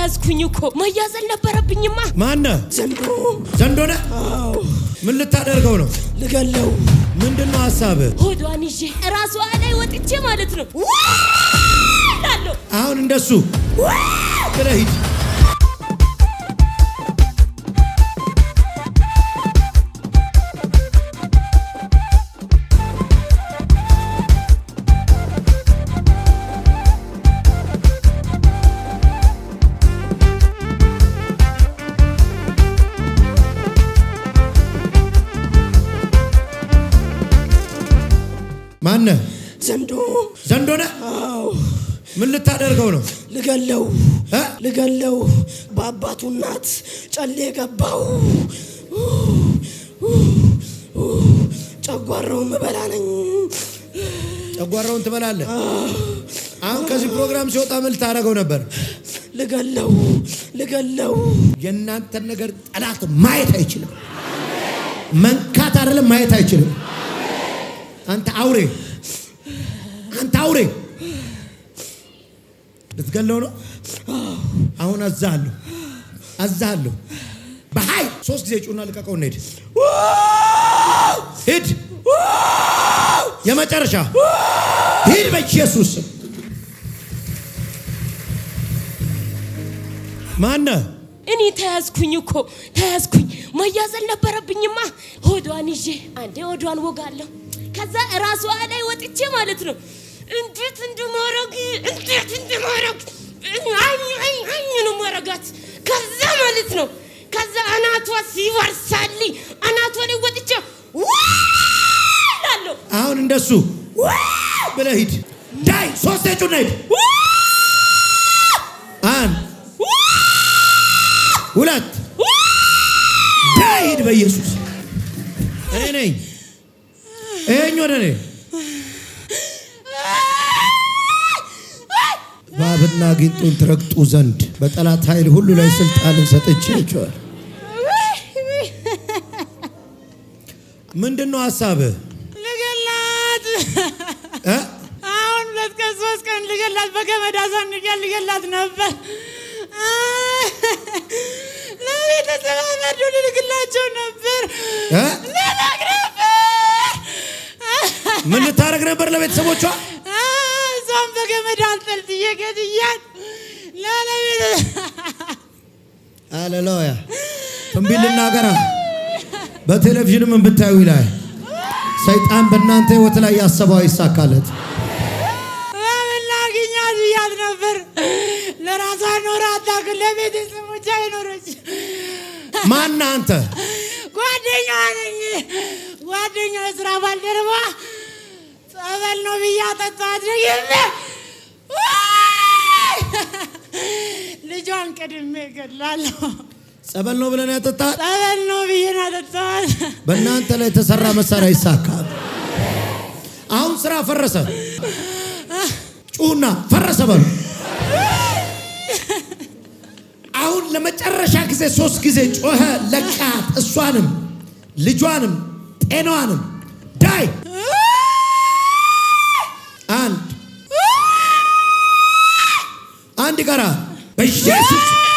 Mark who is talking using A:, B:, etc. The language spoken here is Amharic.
A: ተያዝኩኝ እኮ መያዝ አልነበረብኝማ።
B: ማነ ዘንዶ ዘንዶ ነ ምን ልታደርገው ነው? ልገለው። ምንድን ነው ሀሳብ?
A: ሆዷን ይዤ ራሷ ላይ ወጥቼ ማለት ነው።
B: አሁን እንደሱ ብለህ ሂድ ማነ ዘንዶ ዘንዶ ነህ? ምን ልታደርገው ነው?
C: ልገለው ልገለው በአባቱ እናት ጨሌ ገባው። ጨጓራውን ምበላ ነኝ።
B: ጨጓራውን ትበላለህ? አሁን ከዚህ ፕሮግራም ሲወጣ ምን ልታደርገው ነበር?
C: ልገለው ልገለው።
B: የእናንተን ነገር ጠላት ማየት አይችልም። መንካት አይደለም ማየት አይችልም። አንተ አውሬ፣ አንተ አውሬ ልትገለው ነው። አሁን አዛለሁ፣ አዛለሁ በሀይ ሶስት ጊዜ ጩና ልቀቀው። እንሄድ ሂድ፣ የመጨረሻ ሂድ በኢየሱስ ማነ
A: እኔ ተያዝኩኝ እኮ ተያዝኩኝ። መያዝ አልነበረብኝማ። ሆዷን ይዤ አንዴ ሆዷን ወጋለሁ ከዛ ራሷ ላይ ወጥቼ ማለት ነው እንዴት እንድማረግ እንዴት እንድማረግ አኝ ነው ማረጋት። ከዛ ማለት ነው ከዛ አናቷ ሲፈርሳልኝ አናቷ ላይ ወጥቼ ላለሁ
B: አሁን እንደሱ ብለህ ሂድ ዳይ ሶስት ጩና ሂድ አን ሁለት ዳይ ሂድ በኢየሱስ እኔ ነኝ ይሄኝ ወደ እኔ እባብና ጊንጡን ትረግጡ ዘንድ በጠላት ኃይል ሁሉ ላይ ስልጣንን ሰጥቼ ምንድን ነው ሀሳብህ?
A: ልገላት አሁን ሁለት ቀን ሶስት ቀን ልገላት በገመድ ልገላት ነበር። ለቤተሰብ ልልግላቸው ነበር
B: ምን ልታረግ ነበር? ለቤተሰቦቿ
A: እሷም በገመድ አንጠልጥዬ ገድያት ላለቤት
B: አሌሉያ ትንቢት ልናገራ። በቴሌቪዥንም ብታዩ ይላል ሰይጣን በእናንተ ህይወት ላይ ያሰበው ይሳካለት።
A: ላግኛት ብያት ነበር። ለራሷ ኖራ አታክ ለቤተሰቦቿ አይኖረች። ማን አንተ? ጓደኛዋ ነኝ። ጓደኛ የስራ ባልደረባ ጸበል ነው ብያ ጠጣ አድርግ ልጇን ቅድሜ ገላለሁ።
B: ጸበል ነው ብለን ያጠጣል።
A: ጸበል ነው ብዬን ያጠጣል።
B: በእናንተ ላይ የተሰራ መሳሪያ ይሳካል። አሁን ስራ ፈረሰ። ጩና ፈረሰ በሉ። አሁን ለመጨረሻ ጊዜ ሶስት ጊዜ ጮኸ ለቃት። እሷንም ልጇንም ጤናዋንም ዳይ አንድ አንድ ቀራ በኢየሱስ